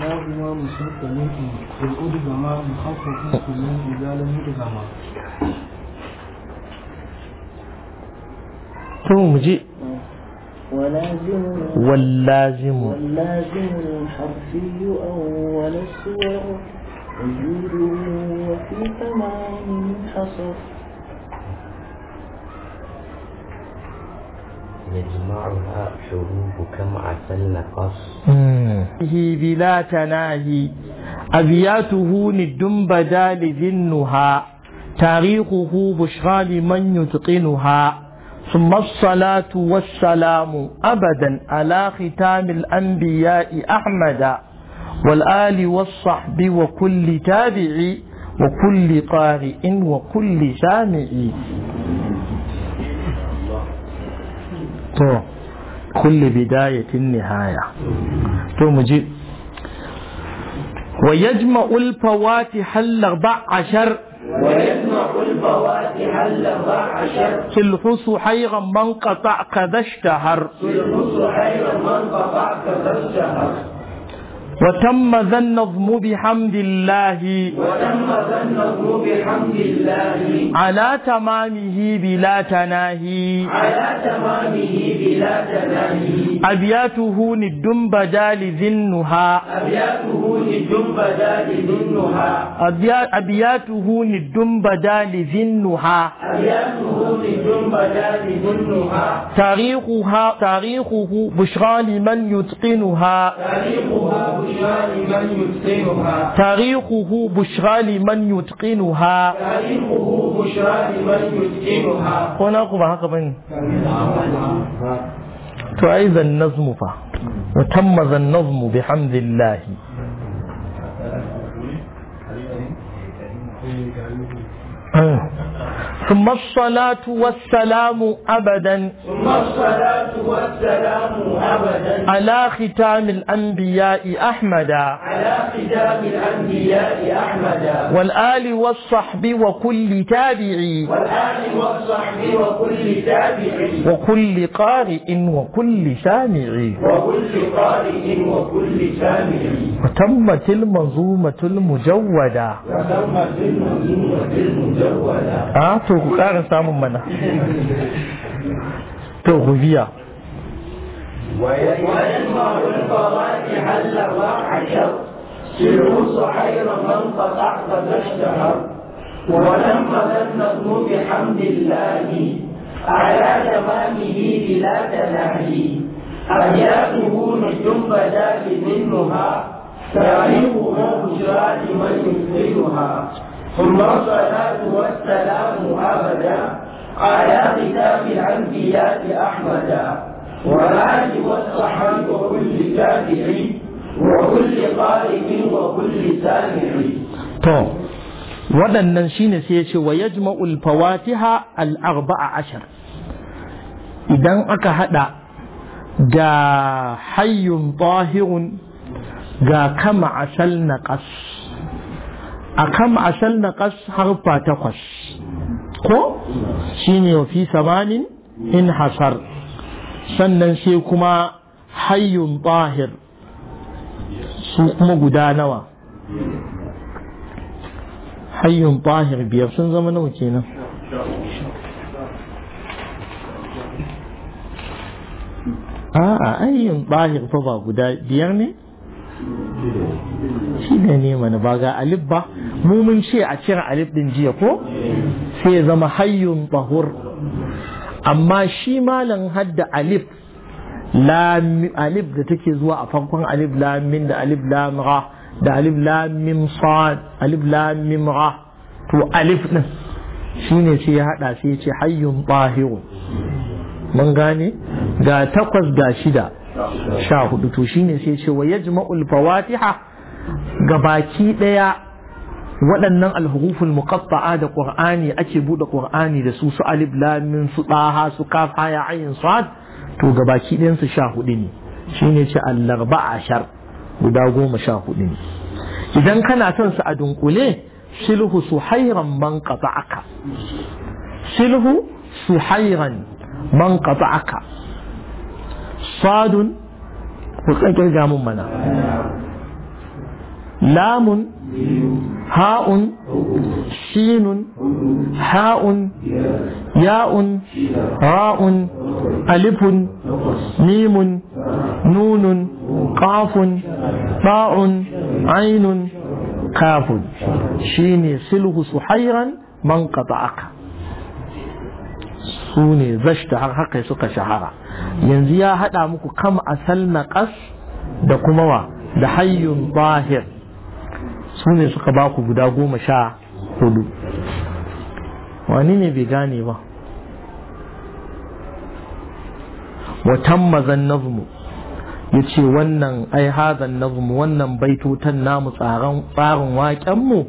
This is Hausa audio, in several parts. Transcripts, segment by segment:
إمام منه إن مخفف من إذا لم ثم جئ ولازم واللازم واللازم الحرفي أول السور وجوده وفي تمام حصر يجمعها حروف كم عسل نقص هي بلا تناهي أبياته ندم بدال ذنها تاريخه بشرى لمن يتقنها ثم الصلاة والسلام أبدا على ختام الأنبياء أحمد والآل والصحب وكل تابع وكل قارئ وكل سامع to kulli bidayatin nihaya to mu ji ويجمع الفواتح الأربع عشر ويجمع الفواتح الأربع عشر تلحس حيرا من قطع كذا اشتهر تلحس حيرا من قطع كذا اشتهر وتم ذا النظم بحمد الله وتم ذا النظم بحمد الله على تمامه بلا تناهي على تمامه بلا تناهي أبياته ندم بدال ذنها أبياته ندم بدال ذنها أبياته ندم بدال ذنها أبياته ندم بدال ذنها تاريخها تاريخه بشرى لمن يتقنها تاريخها تاريخه بشرى لمن يتقنها تاريخه بشرى لمن يتقنها هنا قبا هكا بني تو النظم فا وتمز النظم بحمد الله أه. ثم الصلاة والسلام أبدا ثم الصلاة والسلام أبدا على ختام الأنبياء أحمدا على ختام الأنبياء أحمدا والآل والصحب وكل تابعي والآل والصحب وكل تابعي وكل قارئ وكل سامع وكل قارئ وكل سامع وتمت المنظومة المجودة وتمت المنظومة المجودة آه ku ƙara samun mana to ku biya ويجمع الفواكه من قطع فتشتهر ولما بحمد الله على تمامه بلا تناهي أجابه نجم بدال منها تاريخها بشرى من يفقدها ثم الصلاة والسلام أبدا على كتاب الأنبياء أحمدا والآل والصحب وكل تابع وكل قارئ وكل سامع. waɗannan shine sai ya ce wa yajma'ul fawatiha al-arba'a ashar idan aka hada ga hayyun tahirun ga kama asal naqas a kam asal na ƙas harfa takwas ko shi ne fi samanin in hasar sannan sai kuma hayyun bahir su kuma guda nawa hayyun bahir biyar sun zama nawa kenan a'a ayyun bahir fa ba guda biyar ne shi ne ne mana ba ga alif ba mu mun ce a cire alif din jiya ko sai zama hayyun tahur amma shi malam hadda alif lam alif da take zuwa a farkon alif lam min da alif lam ra da alif lam mim sad alif lam mim ra to alif din shine sai ya hada sai ya ce hayyun tahirun mun gane ga takwas ga shida sha hudu to shine sai ce wa yajma'ul fawatiha ga baki daya waɗannan alhuruful muqatta'a da qur'ani ake buɗe qur'ani da su su alif lam min su ɗaha su kaf ya ayin sad to gabaki ɗayan su sha hudu ne shine ce al ashar guda goma sha hudu ne idan kana son su a dunkule silhu suhairan man qata'aka silhu suhairan man qata'aka sadun ku mun mana lamun ha'un shinun ha'un ya'un ra'un alifun mimun nunun qafun ba'un ainun kafun shine silhu suhairan man qata'aka su ne zashta har haka suka shahara yanzu ya haɗa muku kam asal naƙas da kuma wa da hayyun zahir su ne suka ba ku guda goma sha hudu wani ne bai gane ba watan mazan nazmu ya ce wannan ai hazan nazmu wannan baitotan namu tsarin waƙenmu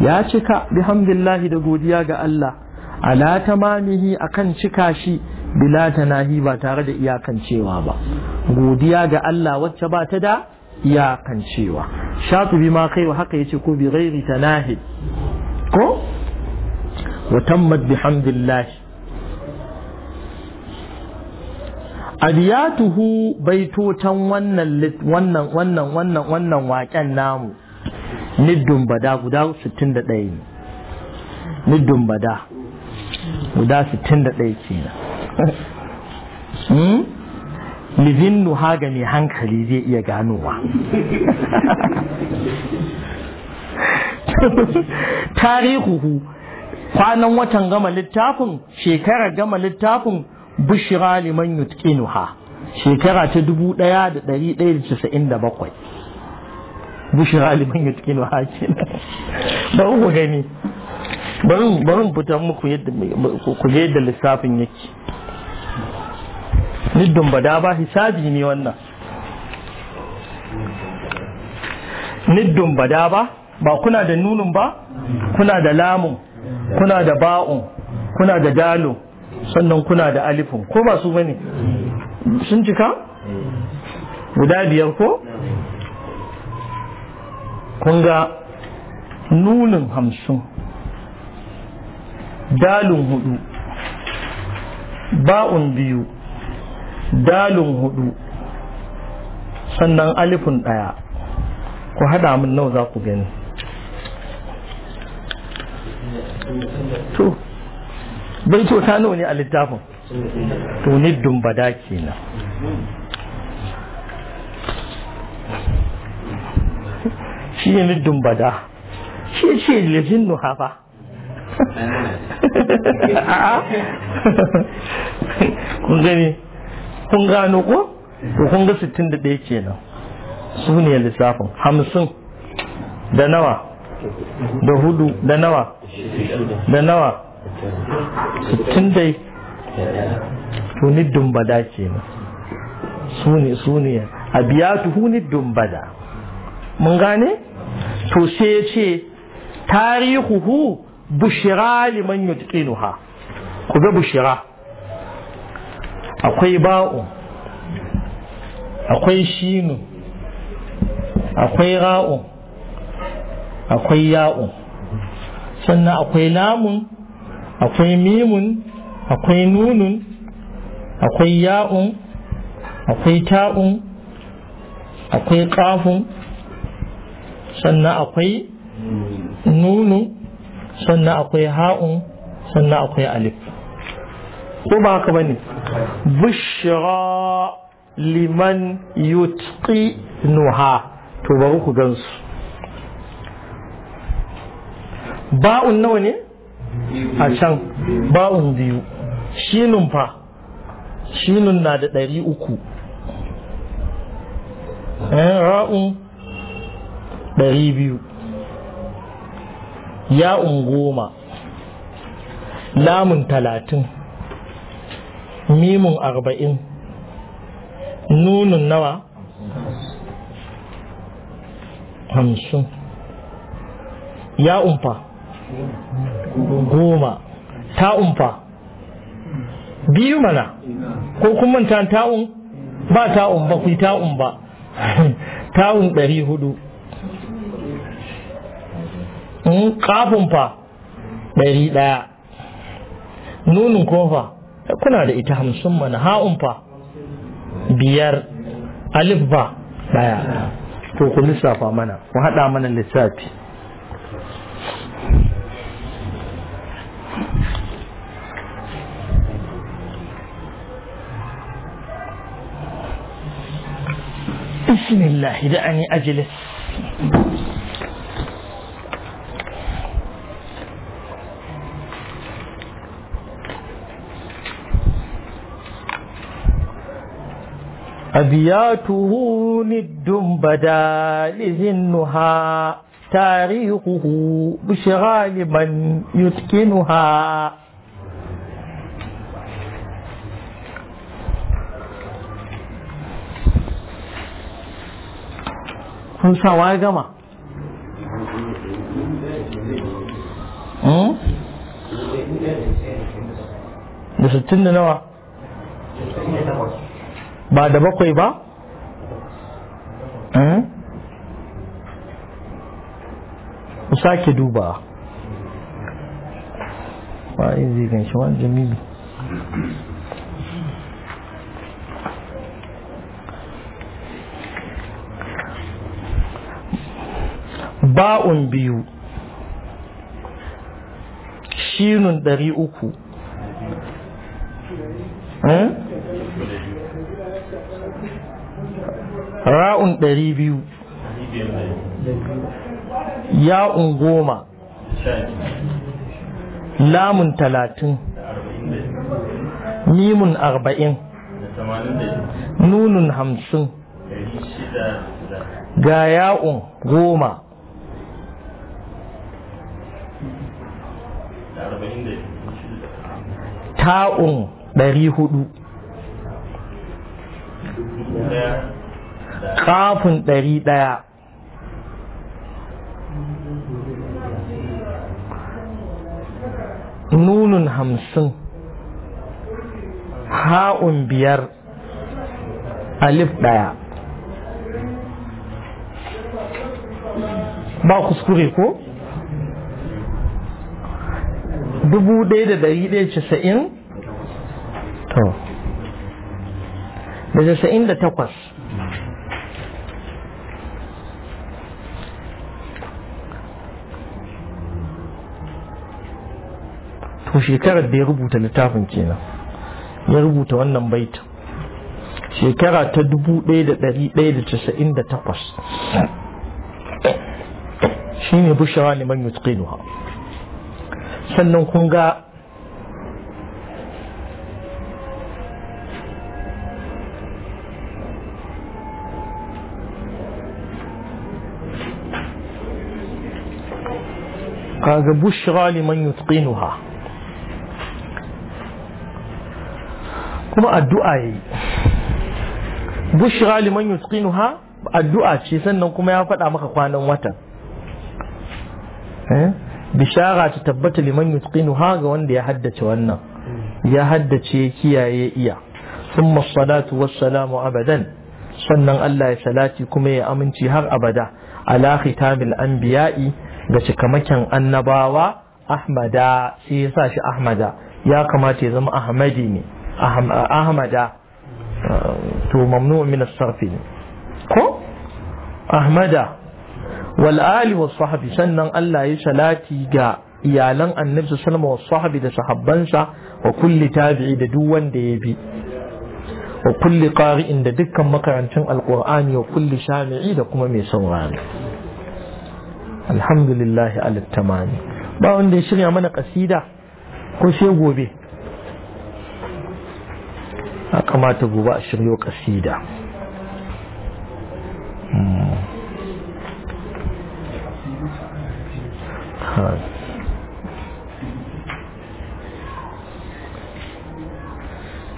ya cika bihamdillahi da godiya ga Allah ala a kan cika shi bila tanahi ba tare da iyakancewa ba godiya ga Allah wacce ba ta da cewa shatu bi ma kaiwa haka yace ko bi ghairi tanahi ko wa tammat bihamdillah adiyatuhu baitotan wannan wannan wannan wannan wannan waken namu niddun bada guda 61 ne niddun bada guda 61 kenan hmm? mizin nuha ga mai hankali zai iya ganowa tarihuhu kwanan watan gama littafin shekarar gama littafin bushira liman Nuha, shekara ta dubu ɗaya da ɗari ɗaya da casa'in da bakwai bushira liman yutqinuha kenan bari ku gani bari bari fitar muku yadda ku da lissafin yake niddun bada ba hisabi ne wannan niddun bada ba ba kuna da nunun ba kuna da lamun kuna da ba'un kuna da dalo sannan kuna da alifin ko ba su bane sun cika guda biyar ko kun ga nunin hamsin dalun hudu ba'un biyu dalin hudu sannan alifin ɗaya ku haɗa min nau za ku gani to bai ta nau ne a littafin to ni dumbada kenan shi ne dumbada bada shi ce lafin nuhafa kun gani kun gano ko to kun ga 61 kenan su ne lissafin hamsin da nawa da hudu da nawa da nawa sittin dai to ni dumbada kenan su ne su ne abiyatu huni ni dumbada mun gane to sai ya ce tarihuhu bushira liman yutqinuha ku ga bushira akwai ba'u akwai shinu akwai ra'u akwai ya'u sannan akwai lamun akwai mimun akwai nunun akwai ya'un akwai ta'un akwai ƙafun sannan akwai nunu sannan akwai ha'un sannan akwai alif ko ba haka bane bushra liman yutqi nuha to bari ku gansu ba'un nawa ne a can ba'un biyu shinun fa shinun na da ɗari uku eh, ra'un ɗari biyu ya'un goma lamun talatin mimun arba'in nunun nawa hamsin ya umfa goma ta umfa biyu mana ko kun manta ta'un ba ta'un ba ku ta'un ba ta'un ɗari hudu Kafun hmm, fa ɗari ɗaya nunin kofa kuna da ita hamsin mana ha'un fa biyar alif ba daya to ku lissafa mana ku haɗa mana lissafi بسم الله دعني أجلس أبياته ند بدال زنها تاريخه بشغال من يتقنها kun sawa ya gama hmm? da sittin da nawa ba da bakwai ba hmm? ku sake duba ba yi zai ganshi wani jamilu ba'un biyu shinun ɗari uku hmm? ra'un ɗari biyu ya'un goma lamun talatin mimun arba'in nunun hamsin ga ya'un goma ta'un ɗari hudu kafin ɗari ɗaya nunun hamsin ha'un biyar alif ɗaya ba kuskure ko? dubu ɗaya da ɗari ɗaya casa'in? da casa'in da takwas to shekarar da ya rubuta littafin kenan ya rubuta wannan baita shekara ta dubu ɗaya da ɗari ɗaya da casa'in da takwas shi ne bushawa liman sannan kun ga kaga bushra liman yutqinuha kuma addu'a yayi bushra liman yutqinuha addu'a ce sannan kuma ya faɗa maka kwanan watan bishara ta tabbata liman yutqinuha ga wanda ya haddace wannan ya haddace kiyaye iya ثم salatu والسلام أبدا sannan Allah ya salati kuma ya aminci har abada ala khitamil anbiya'i ga cikamaken annabawa ahmada shi ya shi ahmada ya kamata ya zama ahmadi ne ahmada to mamnu min sarfi ne ko ahmada wal ali was sahbi sannan Allah ya salati ga iyalan annabi sallallahu alaihi wasallam da sahabbansa wa kulli tabi'i da duk wanda ya bi wa kulli qari'in da dukkan makarantun alqur'ani wa kulli shami'i da kuma mai saurari alhamdulillahi alittamani ba wanda ya shirya mana kasida ko sai gobe a kamata gobe a shiryo kasida hmm.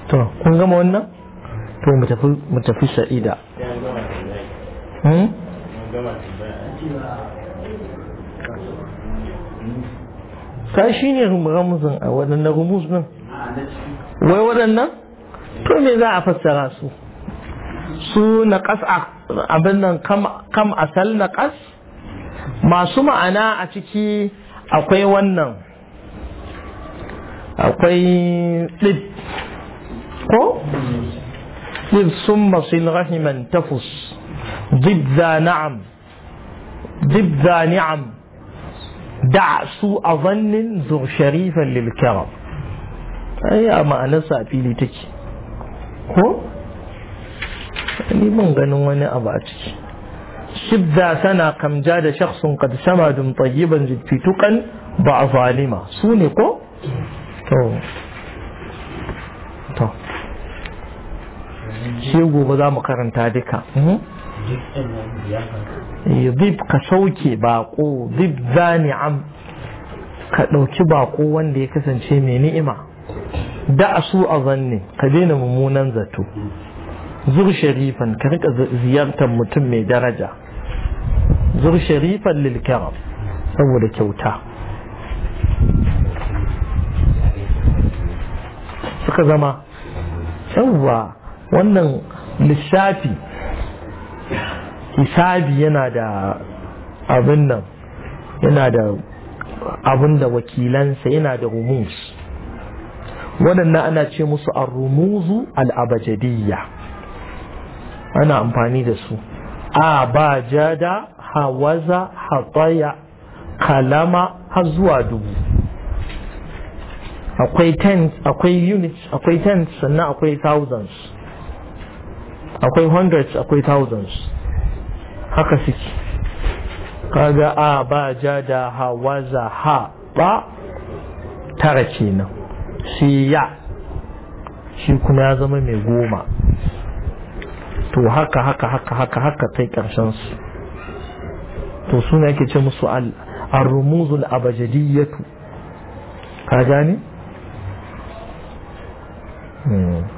to kun gama wannan to mu tafi sa'ida hmm? ta shi ne ramuzin a waɗannan rumuz ɗin wai waɗannan to me za a fassara su su na ƙas abin nan kam asal na ƙas masu ma'ana a ciki akwai wannan akwai ɗib ko ɗib sun masu rahiman tafus dibza na'am dibza ni'am da su a zannin zur sharifan lil karam a ma'anarsa a fili take ko ni ban ganin wani abu a ciki shibda sana kamja da shakhsun qad samadun tayyiban jidfi tuqan ba zalima su ko to to gobe za mu karanta duka dib eh, ka sauke bako dib zani am ka ɗauki bako wanda ya kasance mai ni'ima da a su a zanne ka daina mummunan zato zur sharifan ka rika ziyartar mutum mai daraja zur sharifan lilkaram saboda kyauta suka zama yawwa wannan lissafi hisabi yana da abin nan yana da abin da wakilansa yana da rumus waɗannan ana ce musu a rumuzu al'abajadiyya ana amfani da su a ba jada hawaza hatsaya kalama har zuwa dubu akwai tens akwai units akwai tens sannan akwai thousands akwai hundreds akwai thousands haka suke kaga a ba ja da hawa waza ha ba tara kenan shi ya shi kuma ya zama mai goma to haka haka haka haka haka kai karshen su to suna yake ce musu al-rumuzul abajadiyatu ka gane hmm.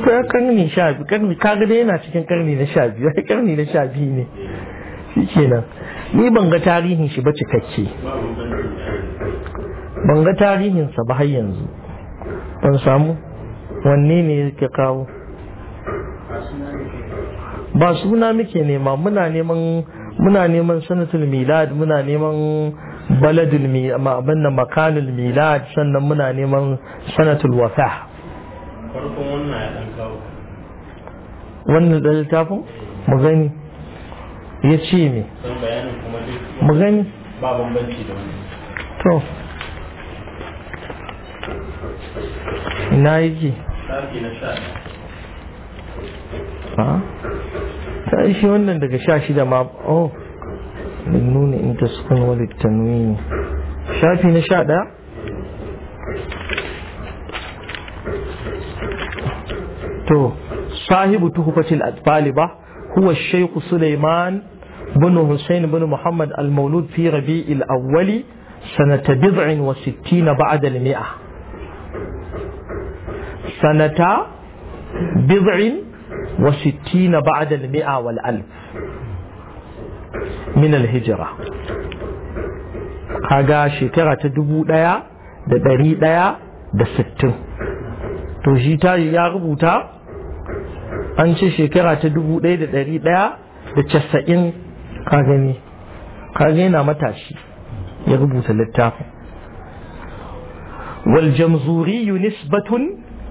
ya karni sha biyu karni ka dai yana cikin karni na sha biyu karni na sha biyu ne shi nan ni ban ga tarihin shi ba cikakke ban ga sa ba har yanzu ban samu wanne ne yake kawo ba suna muke nema muna neman muna neman sanatul milad muna neman baladul abin makanul milad sannan muna neman sanatul wafa wannan ya ɗan littafin mu gani ya ce ne mu gani ba bambanci da wani to ina yake ha ta shi wannan daga sha shida ma oh nuna inda sukan sukun wani tanwini shafi na sha ɗaya تو صاحب تهفة الأطفال هو الشيخ سليمان بن حسين بن محمد المولود في ربيع الأول سنة بضع وستين بعد المئة سنة بضع وستين بعد المئة والألف من الهجرة kaga shekara ta dubu ɗaya da ɗari to shi tayi ya rubuta an ce shekara ta dubu ɗaya da ɗari ɗaya da casa'in ka gani ka yana matashi ya rubuta littafin والجمزوري نسبة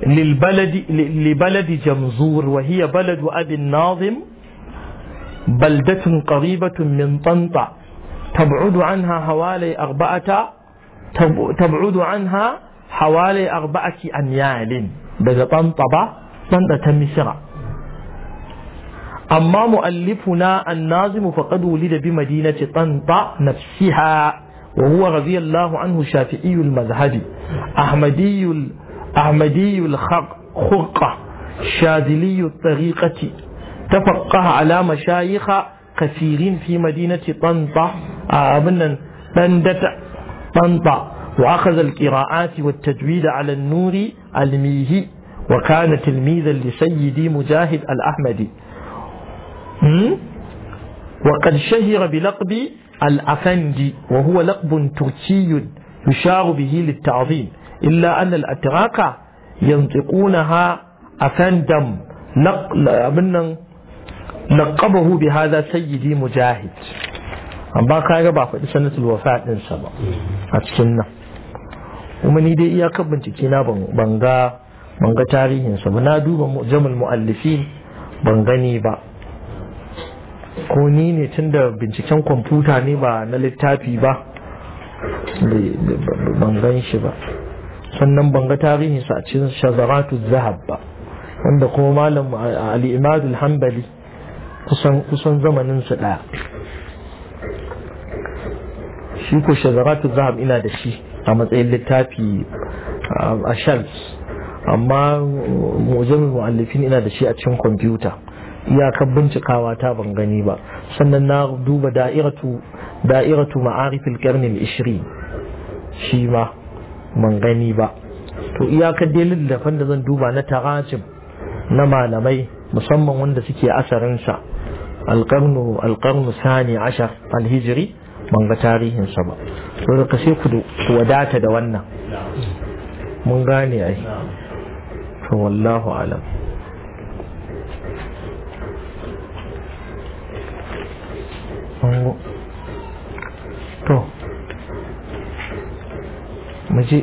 للبلد لبلد جمزور وهي بلد أبي الناظم بلدة قريبة من طنطا تبعد عنها حوالي أربعة تبعد عنها حوالي أربعة أميال daga tsantaba tsanta ta misira amma mu'allifuna an-nazim faqad wulida bi madinati tsanta nafsiha wa huwa radiyallahu anhu shafi'iyul mazhabi ahmadiyul ahmadiyul khurqa shadiliyul tariqati tafaqqaha ala mashayikha تفقه على مشايخ كثيرين في مدينة طنطا أبنا طنطا وأخذ القراءات والتجويد على النور علميه وكان تلميذا لسيدي مجاهد الأحمدي وقد شهر بلقب الأفندي وهو لقب تركي يشار به للتعظيم إلا أن الأتراك ينطقونها أفندم لقبه بهذا سيدي مجاهد أما كان يبقى في سنة الوفاة إن شاء الله kuma ni dai iyakar bincike na ban ga tarihin tarihinsa ba na duba jamul mu'allifin ban gani ba ko ni ne tunda binciken kwamfuta ne ba na littafi ba ban gan shi ba sannan ban ga tarihinsa a cikin shazaratu zahab ba wanda kuma malam ali imadul hanbali kusan kusan zamanin su daya shi ko shazaratu zahab ina da shi a matsayin littafi a shelves amma mujamin mu'allifin ina da shi a cikin kwamfuta iyakar bincikawa ta ban gani ba sannan na duba da'iratu ma'arifin ma'arifil karnin 20 shi ma ban gani ba to iyakar dai littafan da zan duba na tarajim na malamai musamman wanda suke asarinsa alƙarnu alƙarnu sani ashar alhijiri ban ga tarihinsa ba saboda sai ku wadata da wannan mun gane ai to wallahu alam to mu je